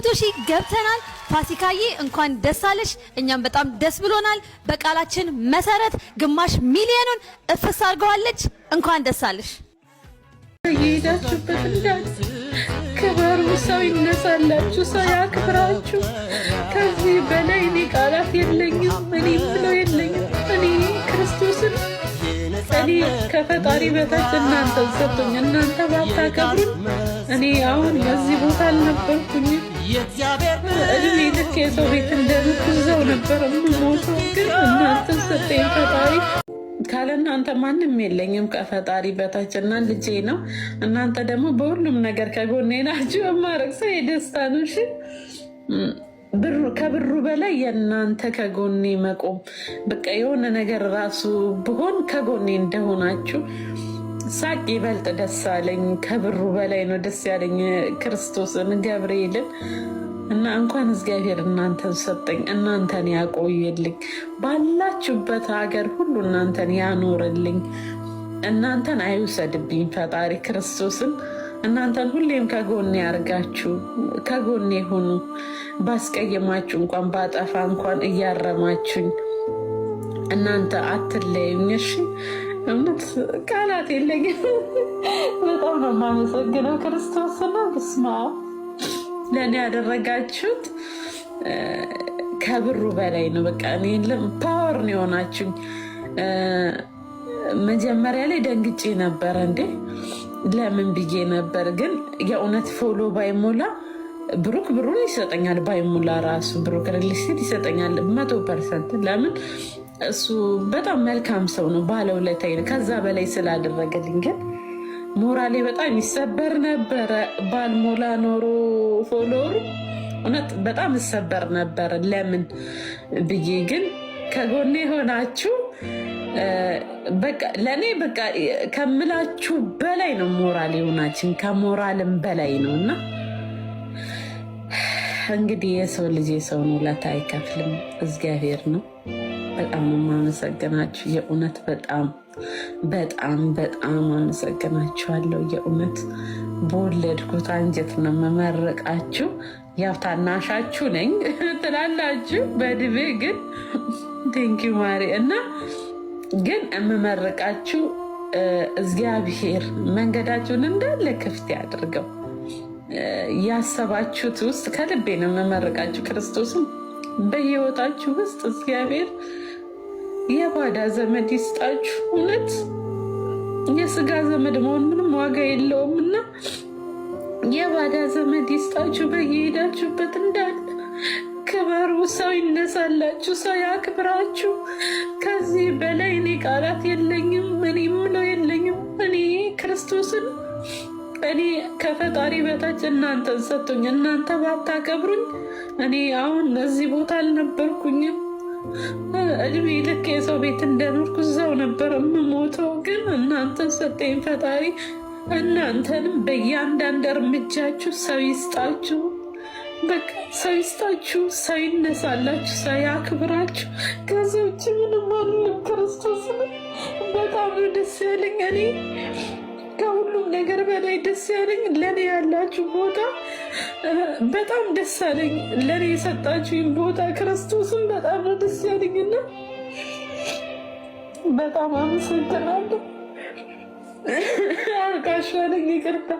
መቶ ሺህ ገብተናል። ፋሲካዬ እንኳን ደስ አለሽ። እኛም በጣም ደስ ብሎናል። በቃላችን መሰረት ግማሽ ሚሊዮኑን እፍስ አድርገዋለች። እንኳን ደስ አለሽ። የሄዳችሁበት እንዳት ሰው ይነሳላችሁ፣ ሰው ያክብራችሁ። ከዚህ በላይ እኔ ቃላት የለኝም፣ እኔ ብለው የለኝም። እኔ ክርስቶስን እኔ ከፈጣሪ በታች እናንተን ሰጡኝ። እናንተ ባታከብሩን እኔ አሁን በዚህ ቦታ አልነበርኩኝም። እኔ ልክ የሰው ቤት እንደምትዘው ነበር የምሞተው። ግን እናንተ ሰጠኝ ፈጣሪ። ካለ እናንተ ማንም የለኝም ከፈጣሪ በታች እና ልጄ ነው። እናንተ ደግሞ በሁሉም ነገር ከጎኔ ናችሁ። የማረግ ሰው የደስታ ነው። እሺ ከብሩ በላይ የእናንተ ከጎኔ መቆም በቃ የሆነ ነገር ራሱ ብሆን ከጎኔ እንደሆናችሁ ሳቅ ይበልጥ ደስ አለኝ። ከብሩ በላይ ነው ደስ ያለኝ ክርስቶስን ገብርኤልን እና እንኳን እግዚአብሔር እናንተን ሰጠኝ፣ እናንተን ያቆየልኝ፣ ባላችሁበት ሀገር ሁሉ እናንተን ያኖርልኝ። እናንተን አይውሰድብኝ ፈጣሪ ክርስቶስን እናንተን ሁሌም ከጎኔ ያርጋችሁ፣ ከጎኔ ሁኑ። ባስቀየማችሁ እንኳን ባጠፋ እንኳን እያረማችሁኝ እናንተ አትለዩኝ እሺ። እውነት ቃላት የለኝም። በጣም ነው የማመሰግነው ክርስቶስና ብስማ ለእኔ ያደረጋችሁት ከብሩ በላይ ነው። በቃ እኔ ፓወር ነው የሆናችሁኝ። መጀመሪያ ላይ ደንግጬ ነበረ እንዴ ለምን ብዬ ነበር። ግን የእውነት ፎሎ ባይሞላ ብሩክ ብሩን ይሰጠኛል። ባይሞላ ራሱ ብሩክ ሪልስቴት ይሰጠኛል መቶ ፐርሰንት። ለምን እሱ በጣም መልካም ሰው ነው፣ ባለውለታዬ ነው። ከዛ በላይ ስላደረገልኝ ግን ሞራሌ በጣም ይሰበር ነበረ። ባልሞላ ኖሮ ፎሎወሩ እውነት በጣም ይሰበር ነበረ። ለምን ብዬ ግን ከጎኔ የሆናችሁ ለእኔ በቃ ከምላችሁ በላይ ነው ሞራል የሆናችን ከሞራልም በላይ ነው። እና እንግዲህ የሰው ልጅ የሰውን ውለታ አይከፍልም፣ እግዚአብሔር ነው። በጣም የማመሰግናችሁ የእውነት በጣም በጣም በጣም አመሰግናችኋለሁ። የእውነት በወለድኩት አንጀት ነው መመረቃችሁ። ያው ታናሻችሁ ነኝ ትላላችሁ በድቤ ግን ቴንኪው ማሪ እና ግን የምመርቃችሁ እግዚአብሔር መንገዳችሁን እንዳለ ክፍት ያድርገው። ያሰባችሁት ውስጥ ከልቤ ነው የምመርቃችሁ ክርስቶስም በየወጣችሁ ውስጥ እግዚአብሔር የባዳ ዘመድ ይስጣችሁ። እውነት የስጋ ዘመድ መሆን ምንም ዋጋ የለውም እና የባዳ ዘመድ ይስጣችሁ። በየሄዳችሁበት እንዳለ ክበሩ። ሰው ይነሳላችሁ፣ ሰው ያክብራችሁ። ከዚህ በላይ እኔ ቃላት የለኝም፣ እኔ የምለው የለኝም። እኔ ክርስቶስን እኔ ከፈጣሪ በታች እናንተን ሰጥቶኝ እናንተ ባታከብሩኝ እኔ አሁን እዚህ ቦታ አልነበርኩኝም። እድሜ ልክ የሰው ቤት እንደኖርኩ እዛው ነበር የምሞተው። ግን እናንተን ሰጠኝ ፈጣሪ። እናንተንም በእያንዳንድ እርምጃችሁ ሰው ይስጣችሁ። በቃ ሰው ይስጣችሁ፣ ሰው ይነሳላችሁ፣ ሰው ያክብራችሁ። ከዚህ ውጭ ምንም አልልም። ክርስቶስ በጣም ደስ ያለኝ እኔ ከሁሉም ነገር በላይ ደስ ያለኝ ለእኔ ያላችሁ ቦታ በጣም ደስ ያለኝ ለእኔ የሰጣችሁኝ ቦታ ክርስቶስም በጣም ነው ደስ ያለኝና በጣም አመሰግናለሁ። አልቃሻ ይቅርታ